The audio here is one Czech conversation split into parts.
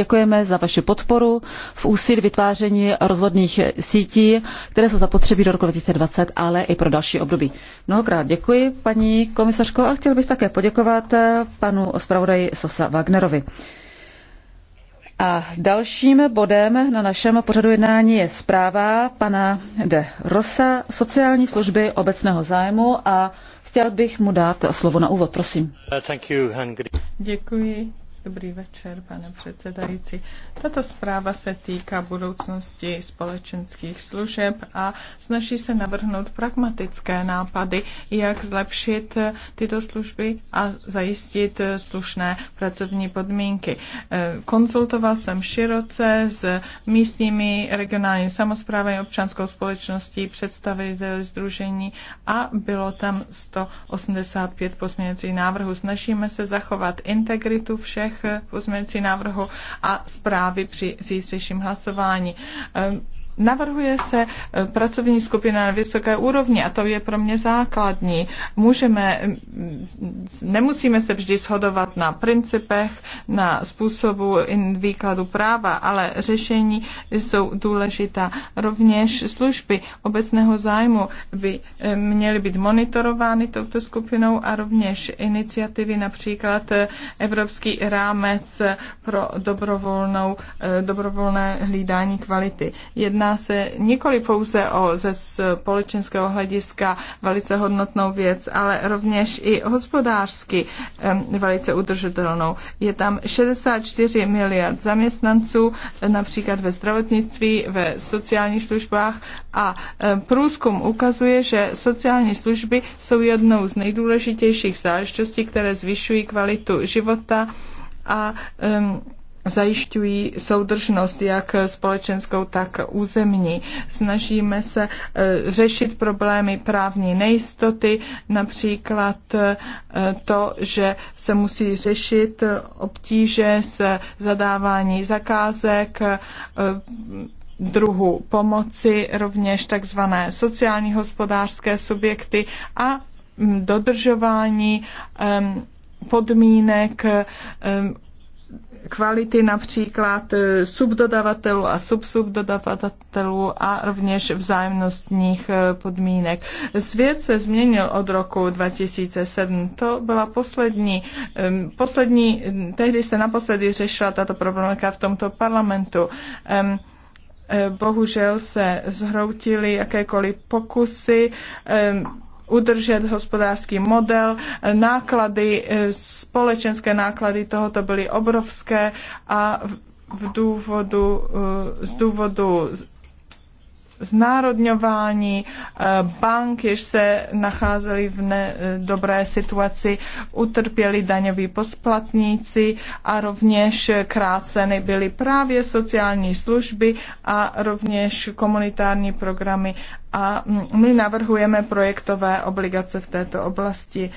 Děkujeme za vaši podporu v úsilí vytváření rozvodných sítí, které jsou zapotřebí do roku 2020, ale i pro další období. Mnohokrát děkuji, paní komisařko, a chtěl bych také poděkovat panu zpravodaji Sosa Wagnerovi. A dalším bodem na našem pořadu jednání je zpráva pana de Rosa, sociální služby obecného zájmu a chtěl bych mu dát slovo na úvod, prosím. Děkuji Dobrý večer, pane předsedající. Tato zpráva se týká budoucnosti společenských služeb a snaží se navrhnout pragmatické nápady, jak zlepšit tyto služby a zajistit slušné pracovní podmínky. Konzultoval jsem široce s místními regionální samozprávami, občanskou společností, představiteli združení a bylo tam 185 pozměňovacích návrhů. Snažíme se zachovat integritu všech všech pozměňovacích návrhu a zprávy při zítřejším hlasování. Ehm, Navrhuje se eh, pracovní skupina na vysoké úrovni a to je pro mě základní. Můžeme, mm, nemusíme se vždy shodovat na principech, na způsobu výkladu práva, ale řešení jsou důležitá. Rovněž služby obecného zájmu by eh, měly být monitorovány touto skupinou a rovněž iniciativy například eh, Evropský rámec pro dobrovolnou, dobrovolné hlídání kvality. Jedná se nikoli pouze o ze společenského hlediska velice hodnotnou věc, ale rovněž i hospodářsky velice udržitelnou. Je tam 64 miliard zaměstnanců, například ve zdravotnictví, ve sociálních službách a průzkum ukazuje, že sociální služby jsou jednou z nejdůležitějších záležitostí, které zvyšují kvalitu života a um, zajišťují soudržnost jak společenskou, tak územní. Snažíme se eh, řešit problémy právní nejistoty, například eh, to, že se musí řešit obtíže s zadávání zakázek, eh, druhu pomoci, rovněž takzvané sociální hospodářské subjekty a mm, dodržování podmínek kvality například e, subdodavatelů a subsubdodavatelů a rovněž vzájemnostních e, podmínek. Svět se změnil od roku 2007. To byla poslední, poslední tehdy se naposledy řešila tato problematika v tomto parlamentu e, bohužel se zhroutily jakékoliv pokusy udržet hospodářský model. Náklady, eh, společenské náklady tohoto byly obrovské a v eh, důvodu, z důvodu znárodňování eh, banky, jež se nacházely v nedobré eh, situaci, utrpěli daňoví posplatníci a rovněž kráceny byly právě sociální služby a rovněž komunitární programy. A mm, my navrhujeme projektové obligace v této oblasti.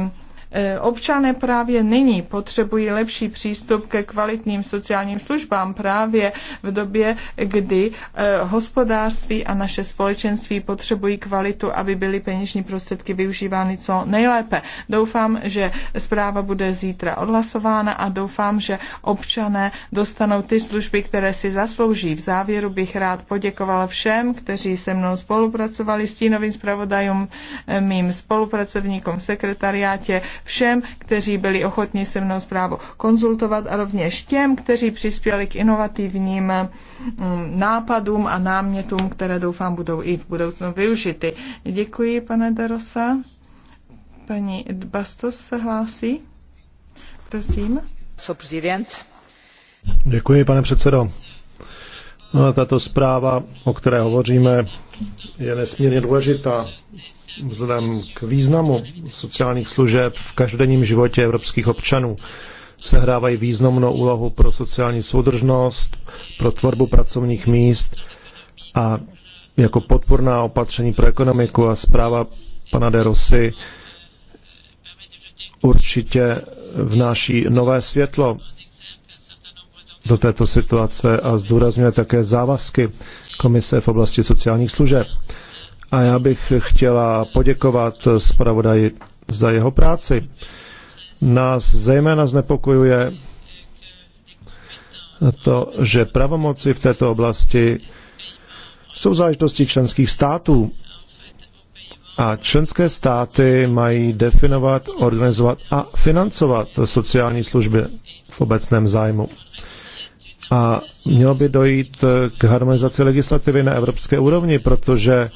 Um, E, občané právě nyní potřebují lepší přístup ke kvalitním sociálním službám právě v době, kdy e, hospodářství a naše společenství potřebují kvalitu, aby byly peněžní prostředky využívány co nejlépe. Doufám, že zpráva bude zítra odhlasována a doufám, že občané dostanou ty služby, které si zaslouží. V závěru bych rád poděkovala všem, kteří se mnou spolupracovali, stínovým zpravodajům, e, mým spolupracovníkům v sekretariátě, všem, kteří byli ochotní se mnou zprávu konzultovat a rovněž těm, kteří přispěli k inovativním mm, nápadům a námětům, které doufám budou i v budoucnu využity. Děkuji, pane Darosa. Paní Bastos se hlásí. Prosím. Děkuji, pane předsedo. No, tato zpráva, o které hovoříme, je nesmírně důležitá vzhledem k významu sociálních služeb v každodenním životě evropských občanů sehrávají významnou úlohu pro sociální soudržnost, pro tvorbu pracovních míst a jako podporná opatření pro ekonomiku a zpráva pana de Rosy určitě vnáší nové světlo do této situace a zdůrazňuje také závazky komise v oblasti sociálních služeb a já bych chtěla poděkovat zpravodaji za jeho práci. Nás zejména znepokojuje to, že pravomoci v této oblasti jsou záležitostí členských států. A členské státy mají definovat, organizovat a financovat sociální služby v obecném zájmu. A mělo by dojít k harmonizaci legislativy na evropské úrovni, protože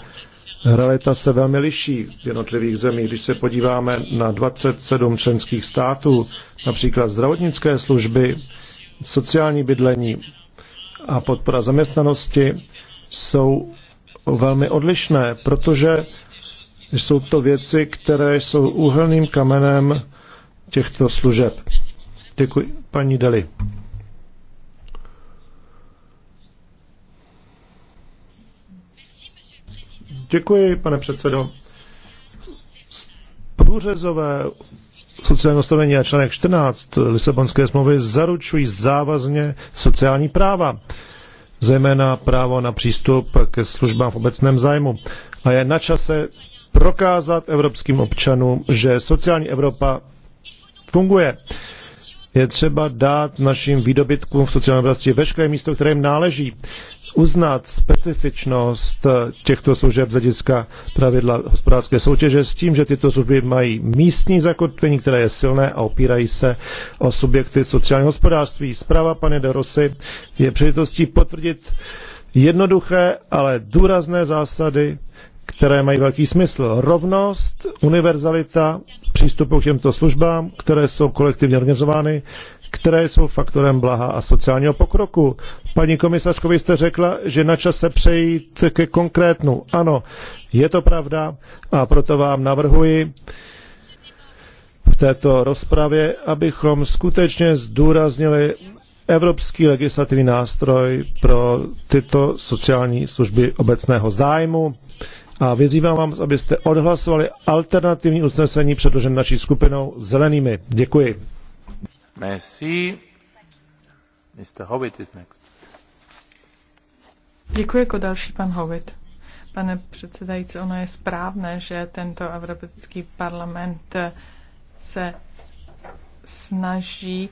Realita se velmi liší v jednotlivých zemích. Když se podíváme na 27 členských států, například zdravotnické služby, sociální bydlení a podpora zaměstnanosti, jsou velmi odlišné, protože jsou to věci, které jsou úhelným kamenem těchto služeb. Děkuji, paní Deli. Děkuji, pane předsedo. Průřezové sociální nastavení a článek 14 Lisabonské smlouvy zaručují závazně sociální práva, zejména právo na přístup ke službám v obecném zájmu. A je na čase prokázat evropským občanům, že sociální Evropa funguje. Je třeba dát našim výdobytkům v sociální oblasti veškeré místo, které jim náleží uznat specifičnost těchto služeb z hlediska pravidla hospodářské soutěže s tím, že tyto služby mají místní zakotvení, které je silné a opírají se o subjekty sociálního hospodářství. Zpráva pane de Rossi je příležitostí potvrdit jednoduché, ale důrazné zásady, které mají velký smysl. Rovnost, univerzalita přístupu k těmto službám, které jsou kolektivně organizovány, které jsou faktorem blaha a sociálního pokroku. Paní komisařko, vy jste řekla, že na čase přejít ke konkrétnu. Ano, je to pravda a proto vám navrhuji v této rozpravě, abychom skutečně zdůraznili evropský legislativní nástroj pro tyto sociální služby obecného zájmu. A vyzývám vám, abyste odhlasovali alternativní usnesení předložené naší skupinou zelenými. Děkuji. Děkuji jako další pan Howitt. Pane předsedající, ono je správné, že tento Evropský parlament se snaží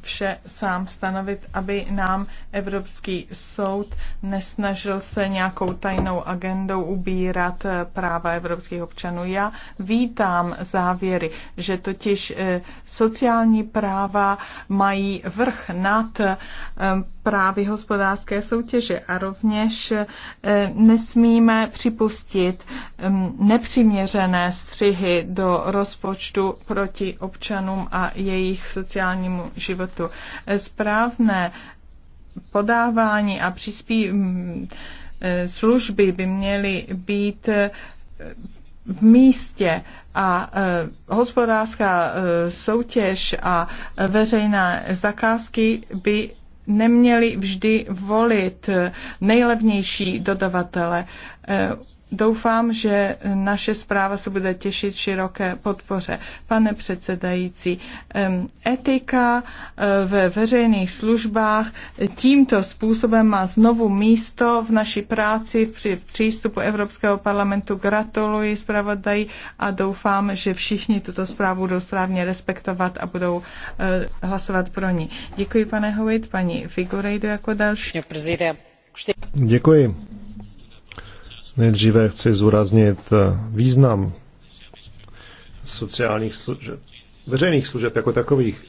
vše sám stanovit, aby nám Evropský soud nesnažil se nějakou tajnou agendou ubírat eh, práva evropských občanů. Já vítám závěry, že totiž eh, sociální práva mají vrch nad eh, právy hospodářské soutěže a rovněž eh, nesmíme připustit mm, nepřiměřené střihy do rozpočtu proti občanům a jejich sociálnímu životu. Správné podávání a přispí mm, eh, služby by měly být eh, v místě a hospodářská soutěž a veřejné zakázky by neměli vždy volit nejlevnější dodavatele. Doufám, že naše zpráva se bude těšit široké podpoře. Pane předsedající, etika eh, ve veřejných službách tímto způsobem má znovu místo v naší práci při přístupu Evropského parlamentu. Gratuluji zpravodaji a doufám, že všichni tuto zprávu budou správně respektovat a budou eh, hlasovat pro ní. Děkuji, pane Howitt, paní Figurejdu jako další. Děkuji. Nejdříve chci zúraznit eh, význam sociálních služeb, veřejných služeb jako takových.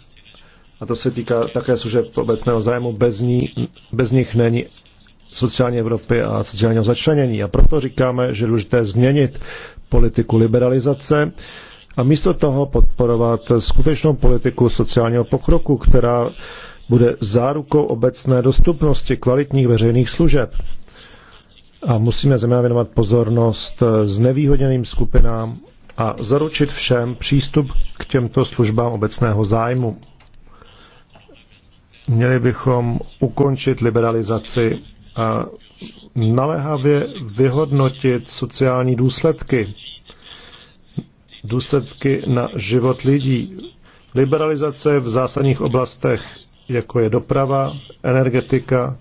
A to se týká také služeb obecného zájmu. Bez, ní, bez nich není sociální Evropy a sociálního začlenění. A proto říkáme, že je důležité změnit politiku liberalizace a místo toho podporovat skutečnou politiku sociálního pokroku, která bude zárukou obecné dostupnosti kvalitních veřejných služeb a musíme zejména věnovat pozornost eh, znevýhodněným skupinám a zaručit všem přístup k těmto službám obecného zájmu. Měli bychom ukončit liberalizaci a naléhavě vyhodnotit sociální důsledky, důsledky na život lidí. Liberalizace v zásadních oblastech, jako je doprava, energetika,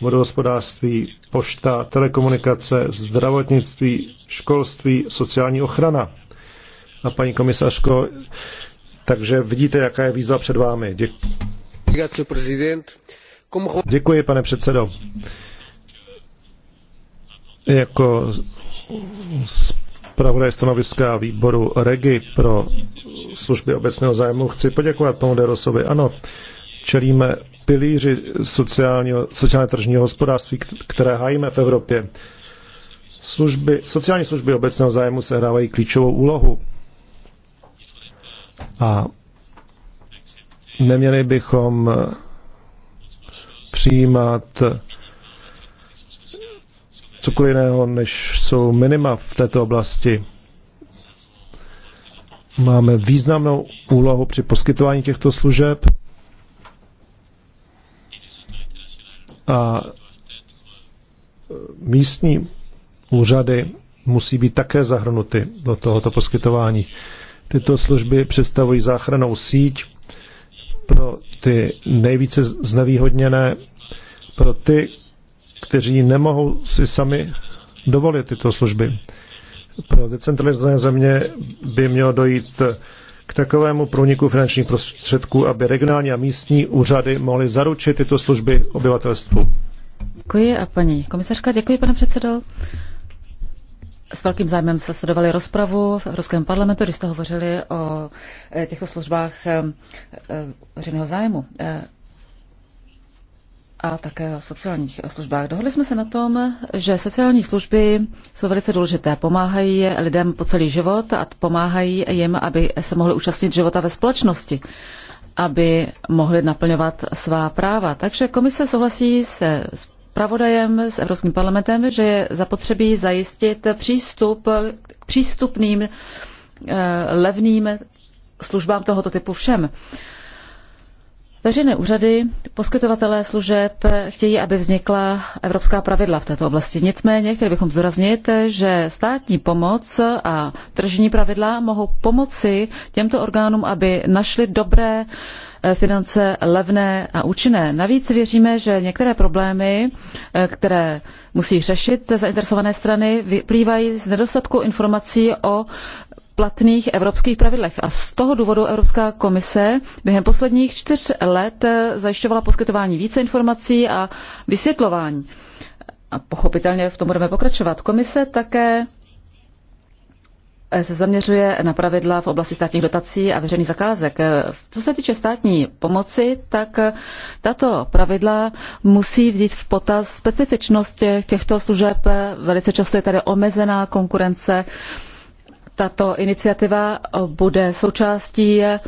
vodohospodářství, pošta, telekomunikace, zdravotnictví, školství, sociální ochrana. A paní komisařko, takže vidíte, jaká je výzva před vámi. Děkuji, Děkuji pane předsedo. Jako zpravodaj stanoviska výboru REGI pro služby obecného zájmu chci poděkovat panu Derosovi. Ano, čelíme pilíři sociálního, sociálně tržního hospodářství, které hájíme v Evropě. Služby, sociální služby obecného zájmu hrávají klíčovou úlohu. A neměli bychom přijímat cokoliv jiného, než jsou minima v této oblasti. Máme významnou úlohu při poskytování těchto služeb A místní úřady musí být také zahrnuty do tohoto poskytování. Tyto služby představují záchranou síť pro ty nejvíce znevýhodněné, pro ty, kteří nemohou si sami dovolit tyto služby. Pro decentralizované země by mělo dojít k takovému průniku finančních prostředků, aby regionální a místní úřady mohly zaručit tyto služby obyvatelstvu. Děkuji a paní komisařka, děkuji pane předsedo. S velkým zájmem se sledovali rozpravu v Evropském parlamentu, kdy jste hovořili o eh, těchto službách eh, eh, veřejného zájmu a také o sociálních službách. Dohodli jsme se na tom, že sociální služby jsou velice důležité. Pomáhají lidem po celý život a pomáhají jim, aby se mohli účastnit života ve společnosti, aby mohli naplňovat svá práva. Takže komise souhlasí se s pravodajem, s Evropským parlamentem, že je zapotřebí zajistit přístup k přístupným eh, levným službám tohoto typu všem. Veřejné úřady, poskytovatelé služeb chtějí, aby vznikla evropská pravidla v této oblasti. Nicméně chtěli bychom zdůraznit, že státní pomoc a tržní pravidla mohou pomoci těmto orgánům, aby našli dobré eh, finance levné a účinné. Navíc věříme, že některé problémy, eh, které musí řešit zainteresované strany, vyplývají z nedostatku informací o platných evropských pravidlech. A z toho důvodu Evropská komise během posledních čtyř let eh, zajišťovala poskytování více informací a vysvětlování. A pochopitelně v tom budeme pokračovat. Komise také eh, se zaměřuje na pravidla v oblasti státních dotací a veřejných zakázek. Eh, co se týče státní pomoci, tak tato pravidla musí vzít v potaz specifičnost těchto služeb. Velice často je tady omezená konkurence tato iniciativa eh, bude součástí eh,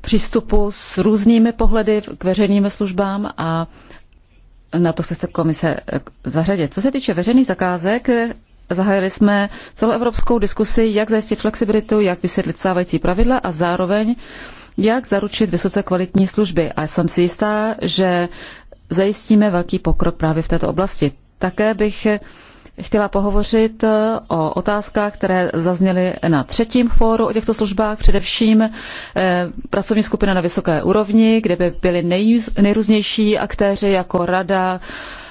přístupu s různými pohledy k veřejným službám a na to se chce komise eh, zařadit. Co se týče veřejných zakázek, zahájili jsme celoevropskou diskusi, jak zajistit flexibilitu, jak vysvětlit stávající pravidla a zároveň jak zaručit vysoce kvalitní služby. A jsem si jistá, že zajistíme velký pokrok právě v této oblasti. Také bych chtěla pohovořit eh, o otázkách, které zazněly na třetím fóru o těchto službách, především eh, pracovní skupina na vysoké úrovni, kde by byly nejrůznější aktéři jako rada,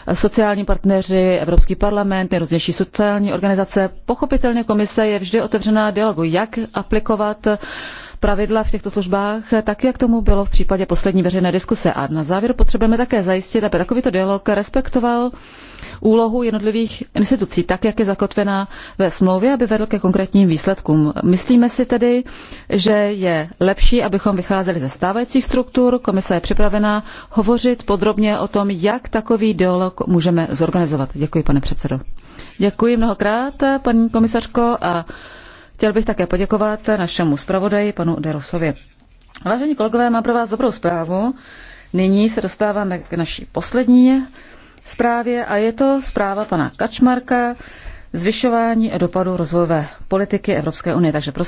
eh, sociální partneři, Evropský parlament, nejrůznější sociální organizace. Pochopitelně komise je vždy otevřená dialogu, jak aplikovat pravidla v těchto službách, tak jak tomu bylo v případě poslední veřejné diskuse. A na závěr potřebujeme také zajistit, aby takovýto dialog respektoval úlohu jednotlivých institucí, tak jak je zakotvená ve smlouvě, aby vedl ke konkrétním výsledkům. Myslíme si tedy, že je lepší, abychom vycházeli ze stávajících struktur. Komise je připravena hovořit podrobně o tom, jak takový dialog můžeme zorganizovat. Děkuji, pane předsedo. Děkuji mnohokrát, paní komisařko. A Chtěl bych také poděkovat našemu zpravodaji, panu Derosovi. Vážení kolegové, mám pro vás dobrou zprávu. Nyní se dostáváme k naší poslední zprávě a je to zpráva pana Kačmarka, zvyšování dopadu rozvojové politiky Evropské unie. Takže prosím,